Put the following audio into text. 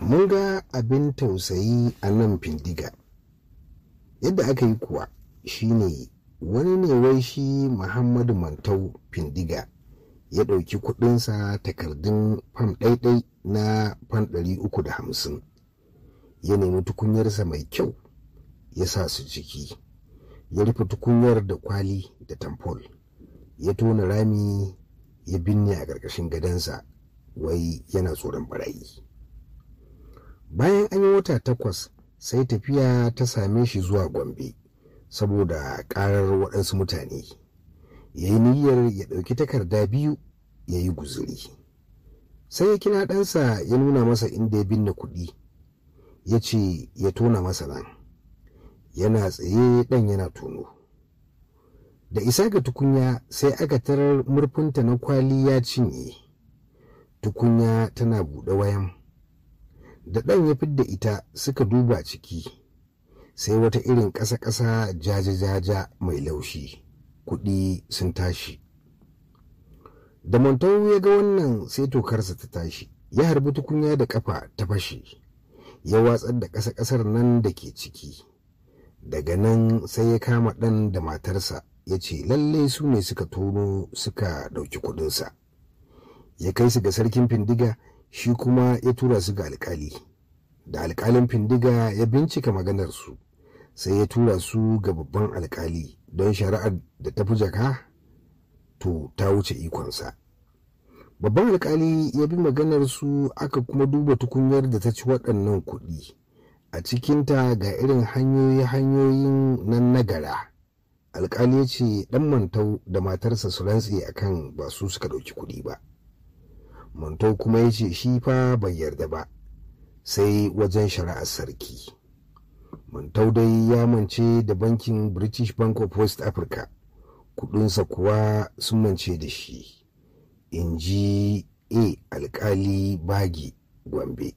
mun ga abin tausayi a nan findiga yadda aka yi kuwa shine wani ne wai shi muhammadu mantau findiga ya ɗauki kuɗinsa takardun fam ɗaiɗai na fam ɗari uku da hamsin ya nemi tukunyarsa mai kyau ya sa su ciki ya rufe tukunyar da kwali da tamfol ya tona rami ya binne a ƙarƙashin gadonsa wai yana tsoron barayi bayan an yi wata takwas sai tafiya ta same shi zuwa gombe saboda karar waɗansu mutane ya yi niyyar ya ɗauki takarda biyu ya yi guzuri sai ya kina ɗansa ya nuna masa inda ya binne kuɗi ya ce ya tona masa nan yana tsaye ɗan yana tono da isa ga tukunya sai aka tarar murfinta na kwali ya cinye tukunya tana buɗe wayan da ɗan ya fidda ita suka duba ciki sai wata irin ƙasa-ƙasa jaja-jaja mai laushi kuɗi sun tashi da montau ya ga wannan sai tokarsa ta tashi ya harbi tukunya da ƙafa ta fashe ya watsar da ƙasa-ƙasar nan da ke ciki daga nan sai ya kama ɗan da matarsa ya ce lallai su ne suka tono suka ɗauki kuɗinsa ya kai su ga sarkin findiga shi kuma ya tura su ga alƙali. da alkalin findiga ya bincika maganarsu sai ya tura su ga babban alkali don shari'ar da ta fi jaka to ta wuce ikonsa babban alkali ya bi maganarsu aka kuma duba tukunyar da ta ci waɗannan kuɗi a cikinta ga irin hanyoyi-hanyoyin nan nagara alkali ya ce ɗan mantau da matarsa su rantse akan ba su suka ɗauki kuɗi ba mantau kuma ya ce shi fa bai yarda ba sai wajen shari'ar sarki mantau ya mance da bankin british bank of west africa kudinsa kuwa sun mance da shi in ji a alkali bagi gombe